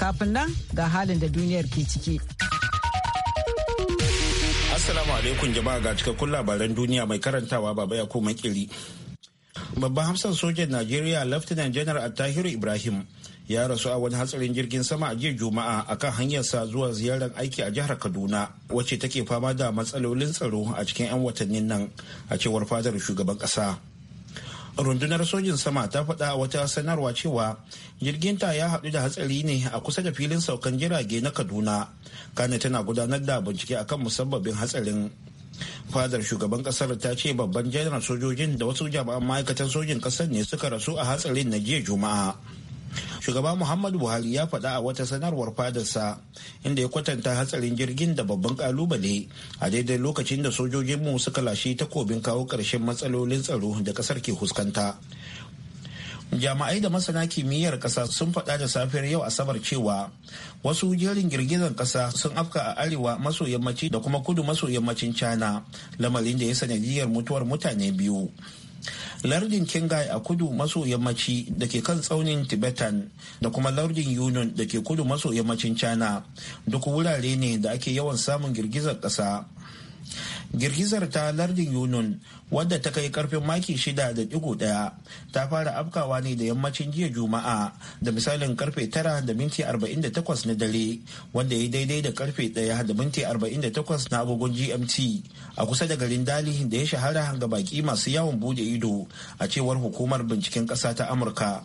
Kafin nan ga halin da duniyar ke ciki. Assalamu alaikum jama'a ga cikakkun labaran duniya mai karantawa baba ya koma kiri. Babban hamsan sojan Najeriya Laftanan Janar Attahiru Ibrahim ya rasu a wani hatsarin jirgin sama a jiya Juma'a akan hanyarsa zuwa ziyarar aiki a jihar Kaduna wacce take fama da matsalolin tsaro a cikin 'yan watannin nan a cewar fadar shugaban ƙasa. rundunar sojin sama ta faɗa wata sanarwa cewa jirginta ya haɗu da hatsari ne a kusa da filin saukan jirage na kaduna kana tana gudanar da bincike akan musabbabin hatsarin fadar shugaban kasar ta ce babban janar sojojin da wasu jami'an ma'aikatan sojin kasar ne suka rasu a hatsarin na jiya juma'a shugaba muhammadu buhari ya faɗa a wata sanarwar fadarsa inda ya kwatanta hatsarin jirgin da babban kalubale a daidai lokacin da sojojinmu suka lashe takobin kawo ƙarshen matsalolin tsaro da ƙasar ke fuskanta jama'ai da masana kimiyyar kasa sun faɗa da safiyar yau asabar cewa wasu jerin girgizar kasa sun afka a arewa maso yammaci da kuma kudu maso yammacin china lamarin da ya sanadiyar mutuwar mutane biyu lardin kingai a kudu maso yammaci da ke kan tsaunin tibetan da kuma lardin yunon da ke kudu maso yammacin china duk wurare ne da ake yawan samun girgizar kasa. girgizar ta lardin yunun wadda ta kai karfin maki shida da digo daya ta fara afkawa ne da yammacin jiya juma'a da misalin karfe tara da minti arba'in da takwas na dare wanda ya daidai da karfe daya da minti arba'in da takwas na agogon gmt a kusa da garin dali da ya shahara ga baki masu yawon bude ido a cewar hukumar binciken ƙasa ta amurka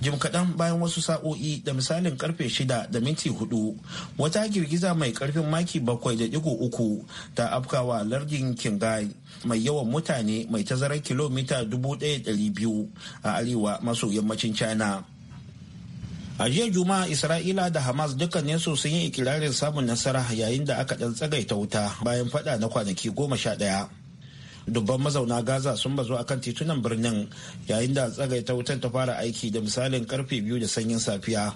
jim kaɗan bayan wasu sa'o'i da misalin karfe shida da minti hudu wata girgiza mai karfin maki bakwai da digo uku ta afkawa lardin kingai mai yawan mutane mai tazarar kilomita dubu biyu a arewa maso yammacin china a jiya juma'a isra'ila da hamas dukkaninsu sun yi ikirarin samun nasara yayin da aka ɗan tsagaita wuta bayan fada na kwanaki goma sha ɗaya dubban mazauna gaza sun bazu kan titunan birnin yayin da tsagaita wutar ta fara aiki da misalin karfe biyu da sanyin safiya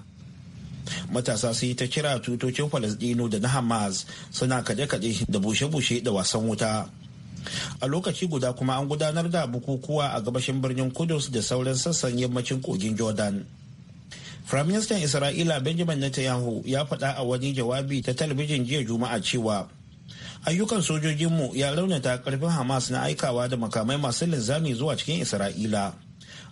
matasa su yi ta kira tutocin falasdino da na hamas suna kade kade da bushe-bushe da wasan wuta a lokaci guda kuma an gudanar da bukukuwa a gabashin birnin kudus da sauran sassan yammacin kogin jordan Firaministan Isra'ila Benjamin Netanyahu ya faɗa a wani jawabi ta talabijin jiya Juma'a cewa ayyukan sojojinmu ya launata karfin hamas na aikawa da makamai masu linzami zuwa cikin isra'ila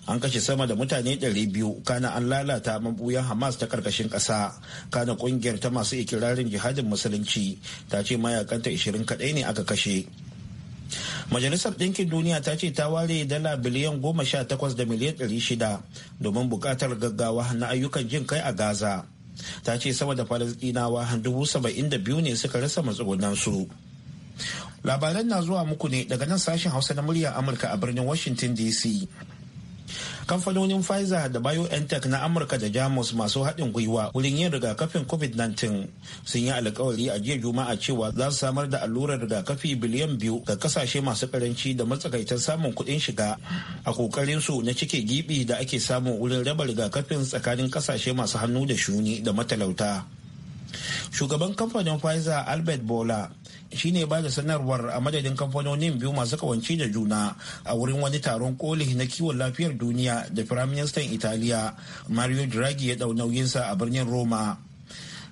an kashe sama da mutane 200 kana an lalata mabuyan hamas ta karkashin ƙasa kana kungiyar ta masu ikirarin jihadin musulunci ta ce mayakanta 20 kadai ne aka kashe majalisar ɗinkin duniya ta ce ta ware dala biliyan goma sha takwas da miliyan ɗari shida domin buƙatar gaggawa na ayyukan jin kai a gaza ta ce sama da falasɗinawa dubu saba'in da biyu ne suka rasa matsugunansu labaran na zuwa muku ne daga nan sashen hausa na murya amurka a birnin washington dc kamfanonin pfizer da biontech na amurka da jamus masu haɗin gwiwa wurin yin rigakafin covid-19 sun yi alkawari a jiya juma'a cewa za su samar da allurar rigakafi biliyan biyu ga kasashe masu karanci da matsakaitar samun kuɗin shiga a kokarin su na cike gibi da ake samu wurin raba rigakafin tsakanin kasashe masu hannu da shuni da matalauta shugaban kamfanin pfizer albert bola shine ba da sanarwar a madadin kamfanonin biyu masu kawance da juna a wurin wani taron koli na kiwon lafiyar duniya da firaministan italiya mario draghi ya dau nauyinsa a birnin roma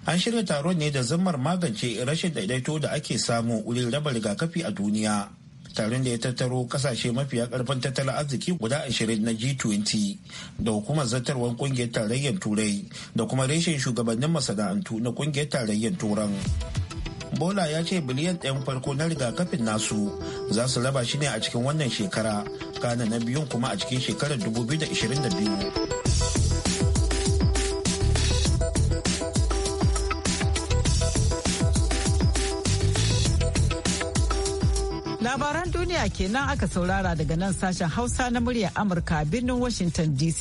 an shirya taron ne da zammar magance rashin daidaito da ake samu wurin raba rigakafi a duniya taron da ya tattaro kasashe mafiya karfin tattalin arziki guda ashirin na G20 da hukumar zartarwar kungiyar tarayyar turai da kuma reshen shugabannin masana'antu na kungiyar tarayyar turan. bola ya ce biliyan ɗayan farko na rigakafin nasu za su raba shi ne a cikin wannan shekara kana na biyun kuma a cikin shekarar 2022 labaran duniya kenan aka saurara daga nan sashen hausa na murya amurka birnin washington dc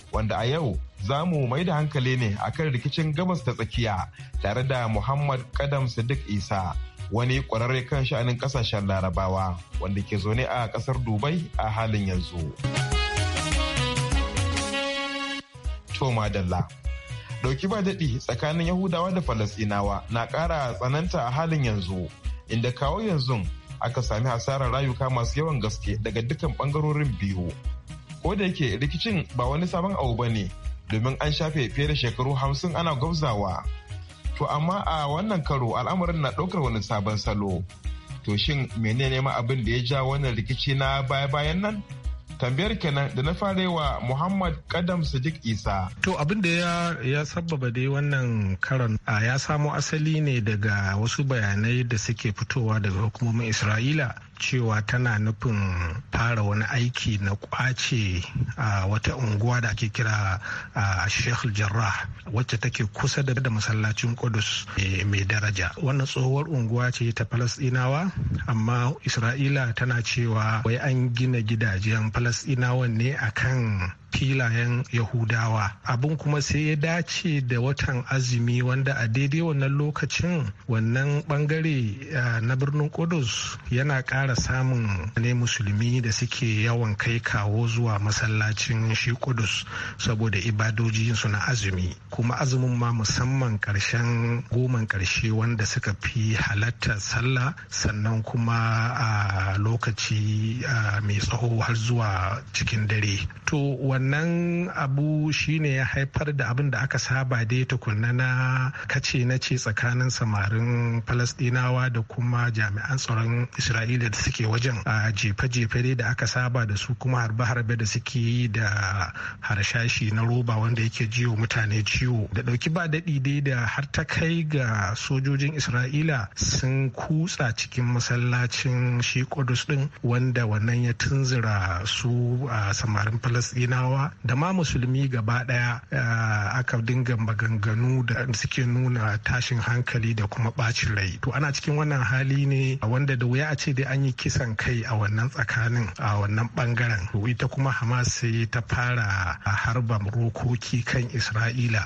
wanda a yau za mu mai da hankali ne a kan rikicin gabas ta tsakiya tare da Muhammad Kadam Sadiq Isa wani kwararre kan sha'anin kasashen larabawa wanda ke zaune a kasar Dubai a halin yanzu. Toma Dalla Dauki ba daɗi tsakanin Yahudawa da Falasinawa na ƙara tsananta a halin yanzu, inda kawo yanzu aka sami hasarar rayuka masu yawan gaske daga dukkan ɓangarorin biyu. ko da yake rikicin ba wani sabon abu ba ne domin an shafe fiye da shekaru hamsin ana gwabzawa to amma a wannan karo al'amarin na ɗaukar wani sabon salo to shin menene ma abin da ya ja wannan rikici na baya-bayan nan tambayar kenan da na fara wa Muhammad Kadam Sadiq Isa. To abin da ya ya dai wannan karon ya samo asali ne daga wasu bayanai da suke fitowa daga hukumomin Isra'ila cewa tana nufin fara wani aiki na kwace a wata unguwa da ake kira a sheikh jarrah wacce take kusa da masallacin kudus e, mai daraja wannan tsohuwar unguwa ce ta falasdinawa amma isra'ila tana cewa wai an gina gidajen falasdinawan ne akan filayen yahudawa abin kuma sai ya dace da watan azumi wanda a daidai wannan lokacin wannan bangare eh, na birnin kudus yana ƙara samun ne musulmi da suke yawan kai kawo zuwa masallacin shi kudus saboda ibadojinsu na azumi kuma azumin ma musamman karshen goman ƙarshe wanda suka fi halatta sallah sannan kuma a lokaci eh, mai tsawo har zuwa cikin dare to wannan abu shine ya haifar da abin da aka saba da ya tukunna na kace na ce tsakanin samarin falasdinawa da kuma jami'an tsaron isra'ila da suke wajen a jefe-jefe dai da aka saba da su kuma harbe-harbe da suke yi da harshashi na roba wanda yake jiwo mutane ciwo da dauki ba daɗi dai da har ta kai ga sojojin isra'ila sun kutsa cikin masallacin shi kudus din wanda wannan ya tunzura su a samarin falasdinawa larabawa da ma musulmi gaba daya eh, aka dinga maganganu da suke nuna tashin hankali da kuma ɓacin rai to ana cikin wannan hali ne wanda da wuya a ce dai an yi kisan kai a wannan tsakanin a wannan bangaren ita kuma hamas sai ta fara harba rokoki kan isra'ila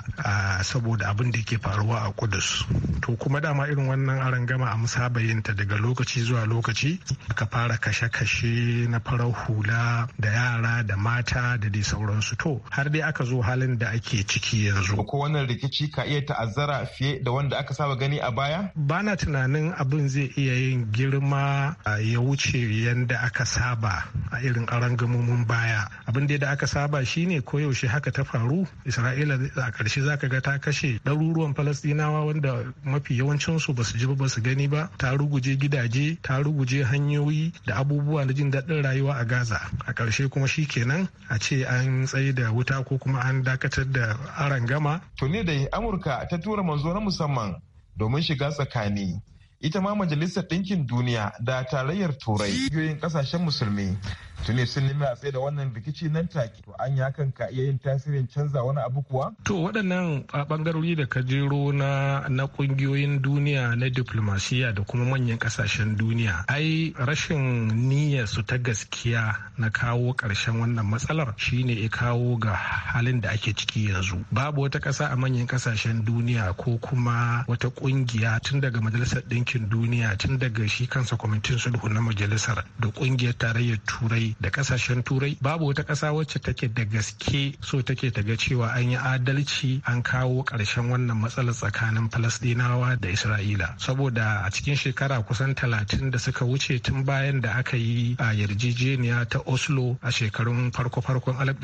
saboda abin da ke faruwa a kudus to kuma dama irin wannan arangama a musabayinta daga lokaci zuwa lokaci aka fara kashe-kashe na farar hula da yara da mata da dai sauransu to har dai aka zo halin da ake ciki yanzu. Ko wannan rikici ka iya ta'azzara fiye da wanda aka saba gani a baya? Bana tunanin abin zai iya yin girma ya wuce yadda aka saba a irin gamomin baya. Abin da aka saba shine ko yaushe haka ta faru Isra'ila a ƙarshe zaka ga ta kashe ɗaruruwan Falastinawa wanda mafi yawancinsu ba su ji ba su gani ba ta ruguje gidaje ta ruguje hanyoyi da abubuwa na jin daɗin rayuwa a Gaza a ƙarshe kuma shi kenan a ce an an tsaye da wuta ko kuma an dakatar da aran gama. Tuni dai Amurka ta tura manzo na musamman domin shiga tsakani. Ita ma Majalisar Ɗinkin Duniya da Tarayyar Turai, ƙasashen Musulmi tuni sun nemi a tsaye da wannan rikici nan take to an kan ka iya yin tasirin canza wani abu kuwa to waɗannan bangarori da ka jero na na kungiyoyin duniya na diplomasiya da kuma manyan kasashen duniya ai rashin niyyar su ta gaskiya na kawo ƙarshen wannan matsalar shine ya kawo ga halin da ake ciki yanzu babu wata ƙasa a manyan kasashen duniya ko kuma wata kungiya tun daga majalisar ɗinkin duniya tun daga shi kansa kwamitin sulhu na majalisar da kungiyar tarayyar turai turai da kasashen turai babu wata kasa wacce take da gaske so take ta ga cewa an yi adalci an kawo ƙarshen wannan matsalar tsakanin falasdinawa da isra'ila saboda a cikin shekara kusan talatin da suka wuce tun bayan da aka yi a yarjejeniya ta oslo a shekarun farko-farkon alif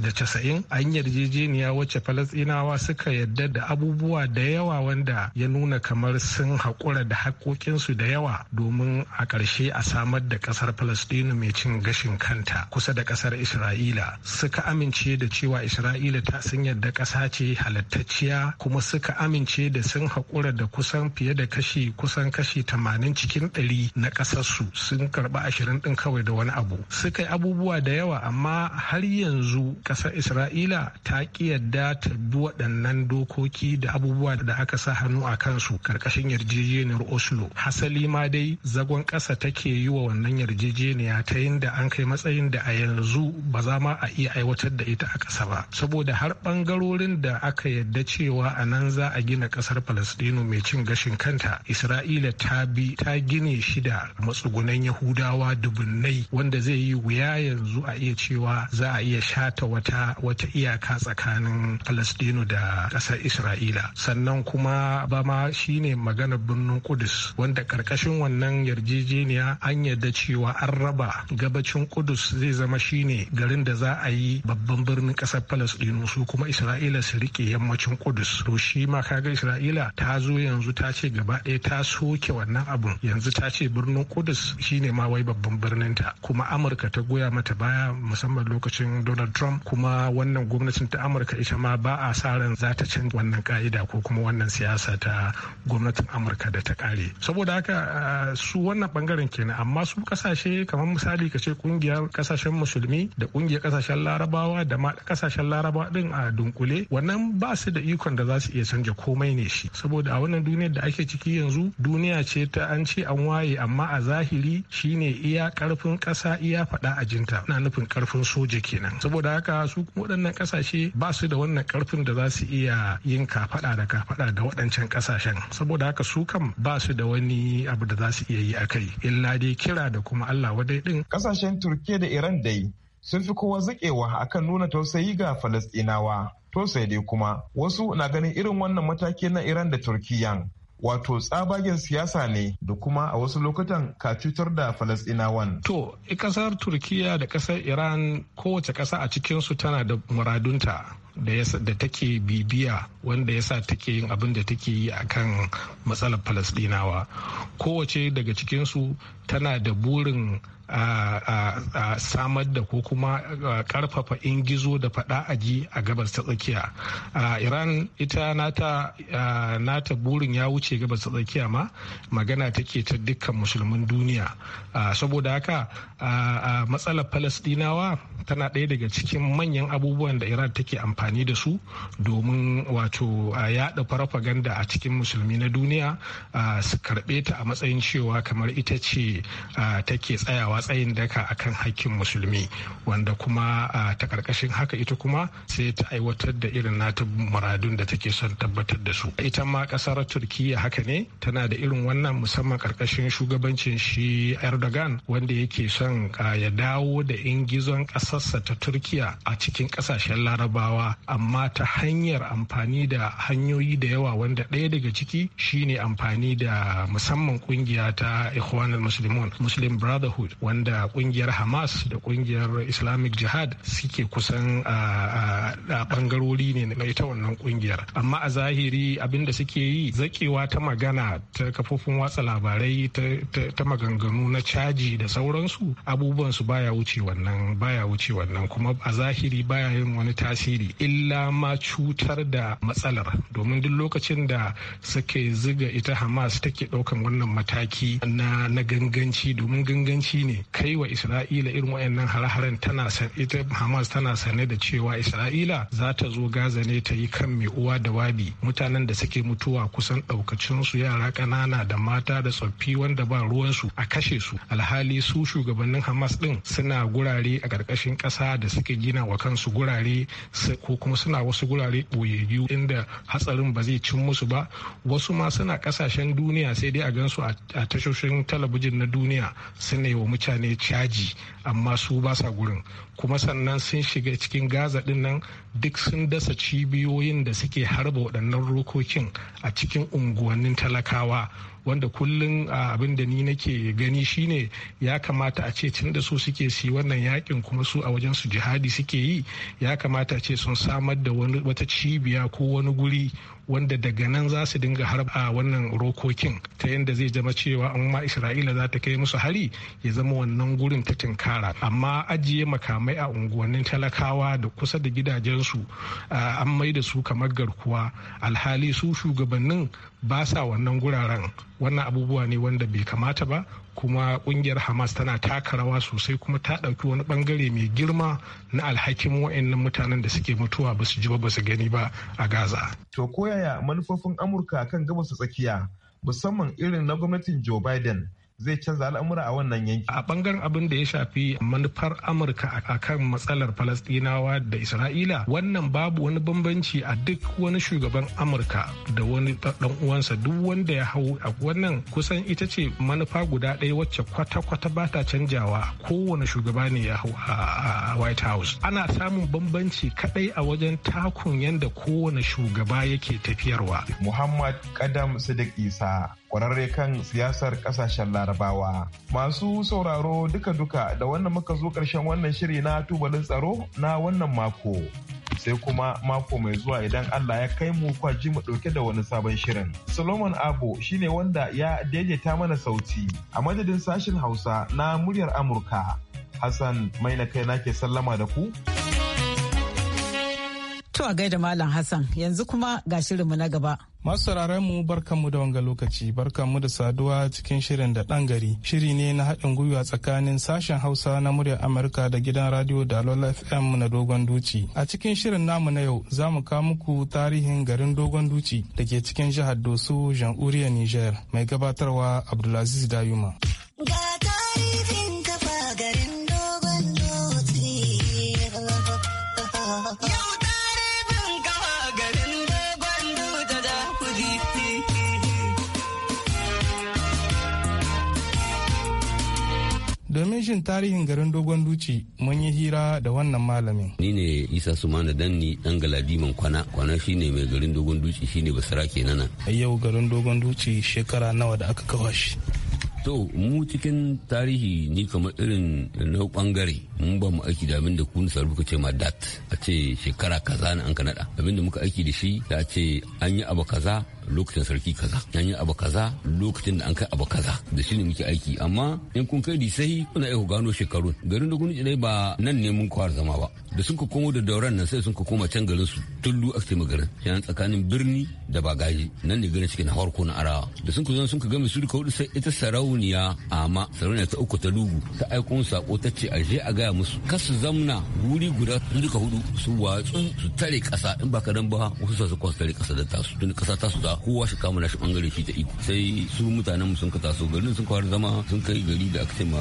da casa'in an yarjejeniya wacce falasdinawa suka yarda da abubuwa da yawa wanda ya nuna kamar sun haƙura da haƙoƙinsu da yawa domin a ƙarshe a samar da ƙasar falasdinu mai cin gashin kanta kusa da kasar isra'ila suka amince da cewa isra'ila ta san yadda ƙasa ce halattacciya kuma suka amince da sun haƙura da kusan fiye da kashi kusan kashi tamanin cikin 100 na ƙasarsu sun karba ashirin ɗin kawai da wani abu suka yi abubuwa da yawa amma har yanzu ƙasar isra'ila ta ƙi yadda ta bi waɗannan dokoki da abubuwa da aka sa hannu a kansu ƙarƙashin yarjejeniyar oslo hasali ma dai zagon ƙasa take yi wa wannan yarjejeniya ta yin da an kai matsayin da a yanzu ba za ma a iya aiwatar da ita a ƙasa ba saboda har ɓangarorin da aka yadda cewa a nan za a gina ƙasar palestino mai cin gashin kanta isra'ila ta bi ta gine shi da matsugunan yahudawa dubunnai wanda zai yi wuya yanzu a iya cewa za a iya shata wata wata iyaka tsakanin palestino da ƙasar isra'ila sannan kuma ba ma shine maganar birnin kudus wanda ƙarƙashin wannan yarjejeniya an yadda cewa an raba gab gabacin kudus zai zama shine garin da za a yi babban birnin kasar palestino su kuma isra'ila su rike yammacin kudus to shi ma kaga isra'ila ta zo yanzu ta ce gaba ɗaya ta soke wannan abun yanzu ta ce birnin kudus shine ma wai babban birnin ta kuma amurka ta goya mata baya musamman lokacin donald trump kuma wannan gwamnatin ta amurka ita ma ba a sa ran za ta canza wannan ka'ida ko kuma wannan siyasa ta gwamnatin amurka da ta kare saboda haka ah, su wannan bangaren kenan amma su kasashe kamar misali ka ce kungiyar kasashen musulmi da kungiyar kasashen larabawa da ma kasashen larabawa din a dunkule wannan ba su da ikon da za su iya canja komai ne shi saboda a wannan duniyar da ake ciki yanzu duniya ce ta an ce an waye amma a zahiri shine iya karfin kasa iya faɗa a jinta na nufin karfin soja kenan saboda haka su waɗannan kasashe ba su da wannan karfin da za su iya yin kafaɗa da kafaɗa da waɗancan kasashen saboda haka su kam ba su da wani abu da za su iya yi a kai illa dai kira da kuma Allah wadai din kasashen turkiya da iran dai sun fi kowa zaƙewa akan nuna tausayi ga falastinawa to dai kuma wasu na ganin irin wannan mataki na iran da turkiya wato tsabagen siyasa ne da kuma a wasu lokutan ka cutar da falastinawan To, kasar Turkiya da kasar Iran kowace kasa a cikinsu tana da muradunta. da take bibiya wanda ya sa take yin abin da take yi a kan matsalar falastinawa kowace daga cikinsu tana da burin a samar da ko kuma karfafa ingizo da fada aji a gabas ta tsakiya iran ita nata burin ya wuce gabas tsakiya ma magana take ta dukkan musulmin duniya saboda haka matsalar palestinawa tana ɗaya daga cikin manyan abubuwan da iran take amfani da su domin wato yaɗa farfaganda a cikin musulmi na duniya su karɓe ta a matsayin cewa kamar ita ce a take tsayawa tsayin daka akan hakkin musulmi wanda kuma ta karkashin haka ita kuma sai ta aiwatar da irin nata muradun da take son tabbatar da su ita ma ƙasar Turkiyya haka ne tana da irin wannan musamman karkashin shugabancin shi erdogan wanda yake son ya dawo da ingizon kasarsa ta turkiya a cikin ƙasashen larabawa amma ta hanyar amfani da hanyoyi da yawa wanda ɗaya daga ciki shine amfani da musamman kungiya ta ikhwanul muslimun muslim brotherhood wanda kungiyar hamas da kungiyar islamic jihad suke kusan a bangarori ne na ita wannan kungiyar amma a zahiri abinda suke yi zakewa ta magana ta kafofin watsa labarai ta maganganu na caji da sauransu abubuwan su baya wuce wannan baya wuce wannan kuma a zahiri baya yin wani tasiri illa ma cutar da matsalar domin duk lokacin da suke ziga ita hamas take ɗaukan wannan mataki na na gangan ganganci domin ganganci ne kai wa isra'ila irin wayannan har-haren tana ita hamas tana sane da cewa isra'ila za ta zo gaza ne ta yi kan mai uwa da wabi mutanen da suke mutuwa kusan su yara ƙanana da mata da tsoffi wanda ba ruwansu a kashe su alhali su shugabannin hamas ɗin suna gurare a karkashin kasa da suke gina wa kansu gurare ko kuma suna wasu gurare ɓoyayyu inda hatsarin ba zai cin musu ba wasu ma suna kasashen duniya sai dai a gansu a tashoshin talabijin na duniya sun yi wa mutane caji amma su ba sa gurin kuma sannan sun shiga cikin gaza din nan duk sun dasa cibiyoyin da suke harba waɗannan rokokin a cikin unguwannin talakawa wanda kullum abin da ni nake gani shine ya kamata a ce tun da su suke si wannan yakin kuma su a wajen su jihadi suke yi ya kamata a ce sun samar da wata cibiya ko wani guri wanda daga nan za su dinga harba wannan rokokin ta yadda zai zama cewa an ma isra'ila za ta kai musu hari ya zama wannan gurin ta tinkara amma ajiye makamai a unguwannin talakawa da kusa da gidajensu an mai da su kamar garkuwa alhali su shugabannin ba sa wannan guraren wannan abubuwa ne wanda bai kamata ba kuma kungiyar hamas tana taka rawa sosai kuma ta ɗauki wani bangare mai girma na alhakin wa'annan mutanen da suke mutuwa ba su ji ba su gani ba a gaza to koyaya manufofin amurka kan gabas tsakiya musamman irin na gwamnatin joe biden zai canza al'amura a wannan yanki. A bangaren abin da ya shafi manufar Amurka a kan matsalar Falasɗinawa da Isra'ila wannan babu wani bambanci a duk wani shugaban Amurka da wani dan uwansa duk wanda ya hau a wannan kusan ita ce manufa guda ɗaya wacce kwata-kwata ba ta canjawa kowane shugaba ne ya hau a White House. Ana samun bambanci kaɗai a wajen takun yadda kowane shugaba yake tafiyarwa. Muhammad Kadam Sadiq Isa kwararre kan siyasar kasashen larabawa masu sauraro duka-duka da wannan muka zo karshen wannan shiri na tubalin tsaro na wannan mako sai kuma mako mai zuwa idan Allah ya kai mu kwaji mu ɗauke da wani sabon shirin. Solomon Abo shine wanda ya daidaita mana sauti a madadin Sashen Hausa na muryar Amurka. Hassan mai na kai nake sallama da ku. To a gaida Malam Hassan yanzu kuma ga shirinmu na gaba. Masu mu barkanmu da wanga lokaci barkanmu da saduwa cikin shirin da ɗan gari. Shiri ne na haɗin gwiwa tsakanin sashen Hausa na muryar Amurka da gidan radio da FM na Dogon Duci. A cikin shirin namu na yau za mu kawo muku tarihin garin Dogon Duci da ke cikin jihar Doso, Jamhuriyar niger Mai gabatarwa Abdulaziz Dayuma. rishin tarihin garin dogon duci mun yi hira da wannan malamin ni ne isa sumana danni dan galadiman kwana kwana shine mai garin dogon duci shine basara kenan yau garin dogon duci shekara nawa da aka kawo shi to mu cikin tarihi ni kamar irin na bangare mun ba mu aiki da abin da kun saru ce ma dat a ce shekara kaza na an kanada abin muka aiki da shi da ce an yi abu kaza lokacin sarki kaza an yi abu kaza lokacin da an kai abu kaza da shi ne muke aiki amma in kun kai sai kuna iya gano shekarun garin da gwamnati ba nan ne mun kwar zama ba da sun ka komo da dauran nan sai sun ka koma can garin su tullu a cikin garin yana tsakanin birni da bagaji nan ne garin cikin harko na arawa da sun ka zo sun ka gami su duka sai ita sarauniya amma sarauniya ta uku ta lugu ta aiko sako ta ce a je a gaya musu kasu zamna wuri guda su duka hudu su watsu su tare kasa in ba ka dan ba wasu sa su kwasa tare kasa da tasu tun kasa tasu ta kowa shi kama nashi bangare shi ta iko sai su mutanen mu sun ka taso garin sun kwar zama sun kai gari da aka ce ma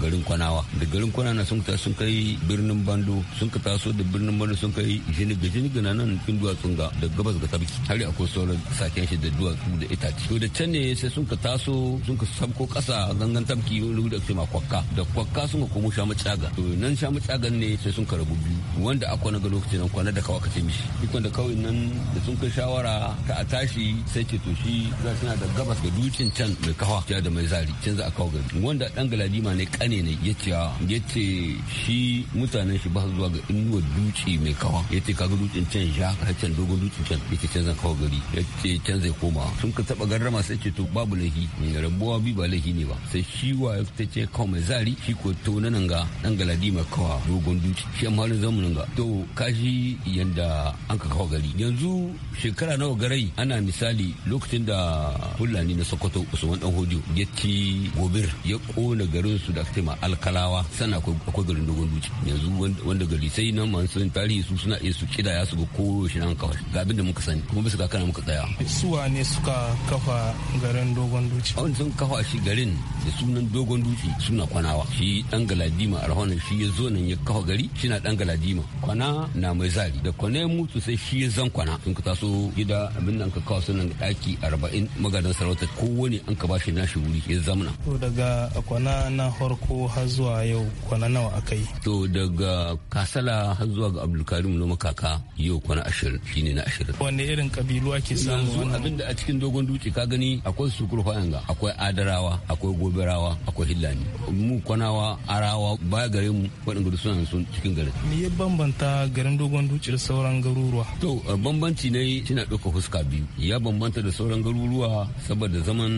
garin kwanawa da garin kwanana sun ka sun kai birnin bando sun ka taso da birnin bando sun kai jiniga jiniga na nan tun duwatsun ga da gabas ga tabki har ko sauran saken shi da duwatsu da itace to da can ne sai sun ka taso sun ka sabko kasa gangan tabki wani da aka ce ma kwakka da kwakka sun ka komo shamu tsaga to nan shamu tsagan ne sai sun ka rabu biyu wanda akwai na ga lokacin nan kwana da kawa ka ce mishi ikon da kawai nan da sun ka shawara ta a tashi zari sai ce to shi suna da gabas ga dutsen can mai kawa ya da mai zari can za a kawo gari wanda dan galadima ne kane ne ya ce ya ce shi mutanen shi ba su zuwa ga inuwa dutse mai kawa ya ce kaga dutsen can ya ka can dogon dutsen can ya ce can zan kawo gari ya ce can zai koma sun ka taba garrama sai ce to babu laifi rabuwa bi ba laifi ne ba sai shi wa ya fita ce kawo mai zari shi ko to na nan ga dan galadima kawa dogon dutse shi amma ne zamu nan ga to kashi yanda an ka kawo gari yanzu shekara nawa garai ana misali lokacin da fulani na sokoto usman dan hodiyo ya ci gobir ya kona garin su da aka ma alkalawa sana akwai garin dogon duci yanzu wanda gari sai nan man sun tarihi su suna iya su kidaya su ga ko shi nan kawai ga abin da muka sani kuma bisa ga kana muka tsaya suwa ne suka kafa garin dogon duci a wani sun kafa shi garin da sunan dogon duci suna kwanawa shi dan galadima arhonan shi ya zo nan ya kafa gari shi na dan galadima kwana na mai zari da kwana mutu sai shi ya zan kwana sun ka taso gida abin nan ka kawo sunan daki 40 maganin sarauta kowane an ka bashi nashi wuri ya zamana. To daga kwana na harko har zuwa yau kwana nawa aka yi? To daga kasala har zuwa ga Abdulkarim na makaka yau kwana ashirin shine na ashirin. Wanne irin kabilu ake samu? Yanzu abin da a cikin dogon dutse ka gani akwai sukur fa'anga akwai adarawa akwai goberawa akwai hillani. Mu kwanawa arawa baya gare mu waɗanda suna sun cikin garin. Me ya bambanta garin dogon dutse da sauran garuruwa? To bambanci ne tana ɗauka fuska biyu. ya bambanta da sauran garuruwa saboda zaman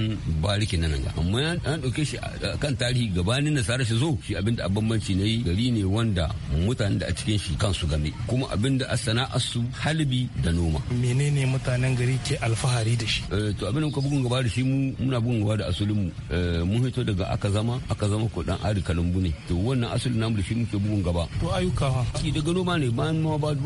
bariki na nan ga amma an ɗauke shi kan tarihi gabanin nasara shi zo shi abinda a bambanci na yi gari ne wanda mutanen da a cikin shi kansu game kuma abinda a sana'ar su halibi da noma menene mutanen gari ke alfahari da shi eh, to abin da bugun gaba da shi mu muna bugun gaba da asulin mu eh, mun hito daga aka zama aka zama ko dan ari kalumbu ne to wannan asulin namu da shi muke bugun gaba to ayyuka ha ki daga noma ne ba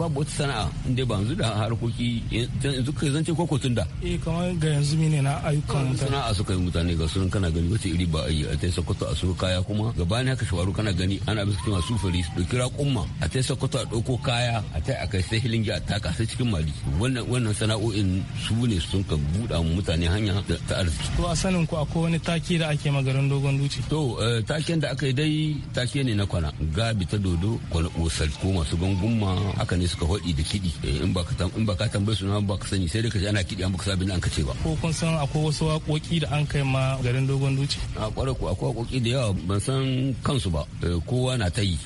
babu wata sana'a inda ba yanzu da harkoki yanzu eh, kai zance ko da. da eh kamar ga yanzu mene na ayyukan mutane sana'a suka yi mutane ga sunan kana gani wace iri ba ayi a ta sokoto a suka kaya kuma gabani aka shawaru kana gani ana bisa cewa sufuri su dauki raƙumma a ta sokoto a ɗauko kaya a ta a kai sai hilingi a taka sai cikin mali wannan wannan sana'o'in su ne sun ka buɗa mutane hanya ta arziki to a sanin ku akwai wani take da ake magarin dogon duci to eh, taken da aka yi dai take ne na kwana gabi ta dodo kwana osal ko masu gangumma haka ne suka hodi da kiɗi eh, in ba ka tambaye su na ba ka sani sai dai ka ji ana kiɗi mu san abin da an kace ba ko kun san akwai wasu waƙoƙi da an kai ma garin dogon duci a ƙwarar ko akwai waƙoƙi da yawa ban san kansu ba kowa na ta yi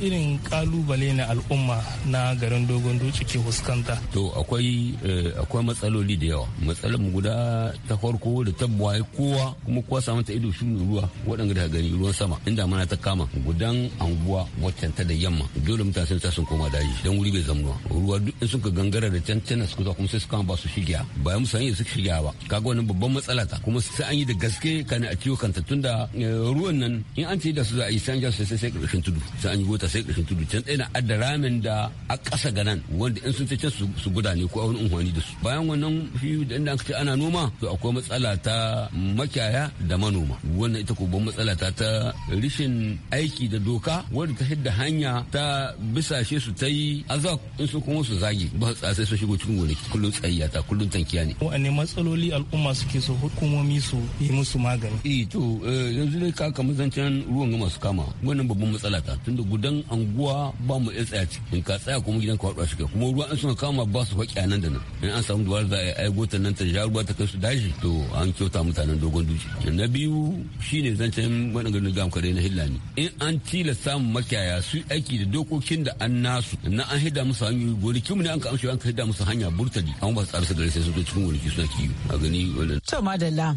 irin kalubale na al'umma na garin dogon dutse ke fuskanta to akwai eh, akwai matsaloli da yawa matsalar guda ta farko da tabbuwa kowa kuma kowa samun ta ido shine ruwa waɗanda da gani ruwan sama inda mana ta kama gudan anguwa waccan ta da yamma dole mutane sun sun koma daji dan wuri bai zama ruwa duk in suka gangara da can su kusa kuma sai suka ba su shigiya ba musu hanyar su shigiya ba kaga wannan babban matsala ta kuma sai an yi da gaske kana a ciwo kanta tunda eh, ruwan nan in an ce da su za a yi sai su sai sai karshen tudu sai an yi wata sai ƙarshen tudu can ɗaya na adda ramin da a ƙasa ga nan wanda in sun ce can su ne ko a wani unhwani da su bayan wannan fiye da inda aka ce ana noma to akwai matsala ta makiyaya da manoma wannan ita ko ban matsala ta ta rishin aiki da doka wanda ta hidda hanya ta bisashe su ta yi azak in su kuma su zage ba tsaye su shigo cikin gonaki kullum tsayiya ta kullum tankiya ne wa'anne matsaloli al'umma suke so hukumomi su yi musu magani eh to eh, yanzu ne ka kama zancen ruwan ga masu kama wannan babban matsala ta tunda gudan anguwa ba mu iya tsaya ciki in ka tsaya kuma gidan ka a shiga kuma ruwa in suna kama ba su faƙi a nan da nan in an samu duwar za a yi ta nan ta ja ruwa ta kai su daji to an kyauta mutanen dogon duci na biyu shine zancen waɗanda gam kare na hillani in an tilasta mu makiyaya su aiki da dokokin da an nasu na an hida musu hanyoyi gonakin mu ne an ka amshi an ka hida musu hanya burtali an ba su su gari sai su zo cikin gonaki suna kiwo a gani wannan. to madalla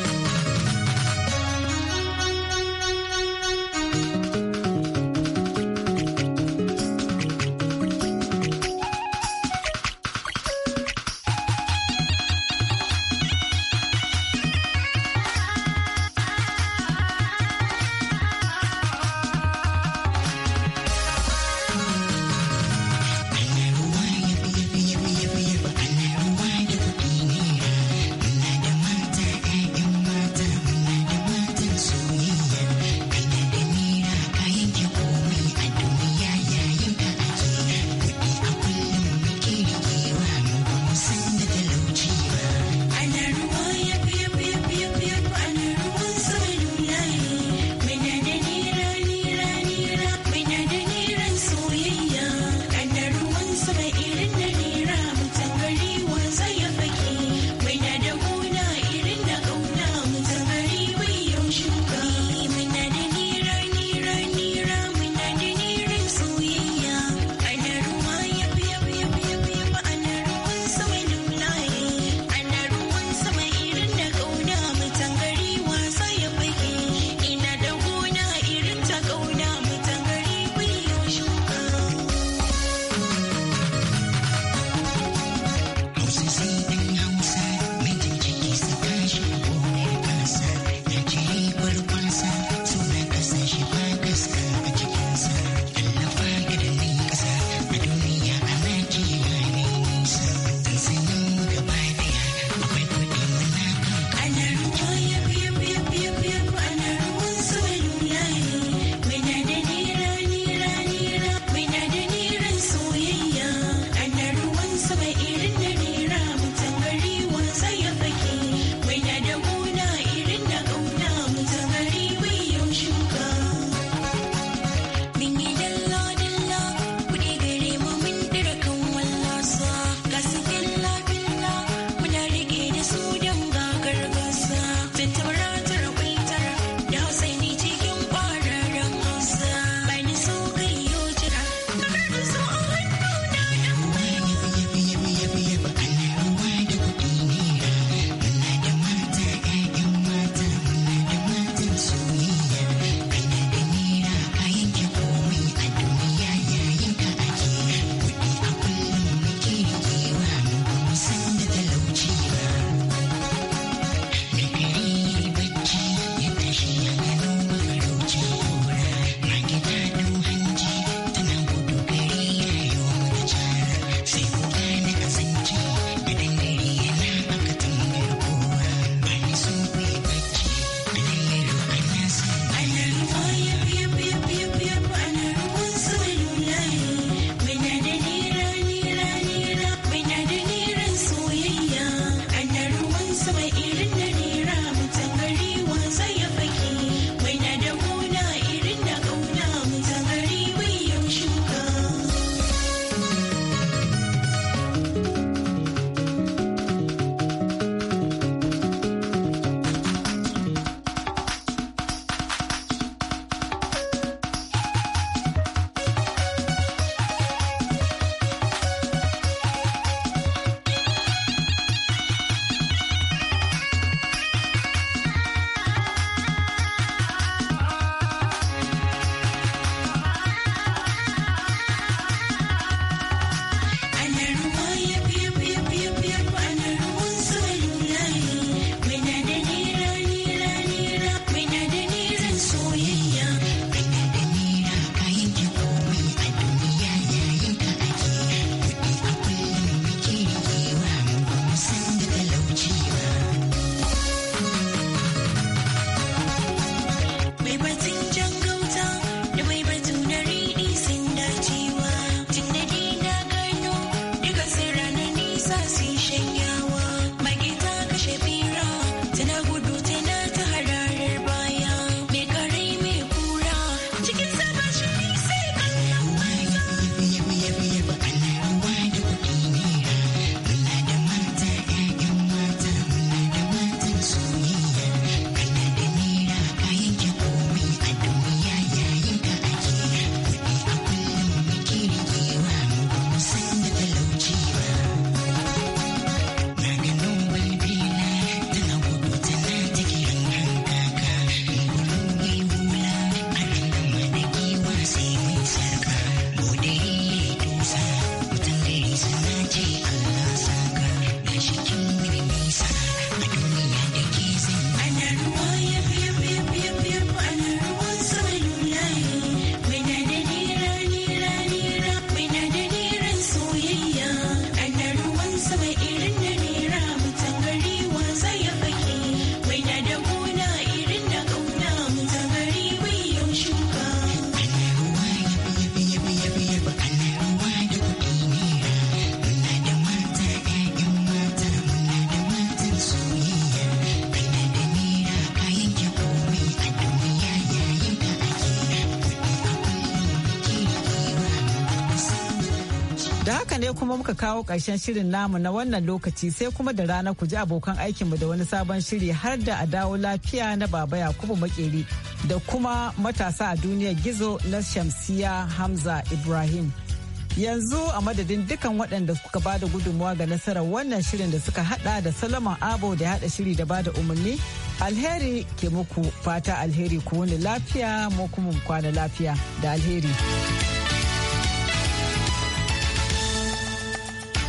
sai kuma muka kawo ƙarshen shirin namu na wannan lokaci sai kuma da rana ku ji abokan aikinmu da wani sabon shiri har da a dawo lafiya na baba yakubu makeri da kuma matasa a duniyar gizo na shamsiya hamza ibrahim yanzu a madadin dukan waɗanda suka ba da gudunmawa ga nasarar wannan shirin da suka hada da salaman abo da hada shiri da bada umarni alheri ke muku fata alheri ku wani lafiya mu kuma kwana lafiya da alheri.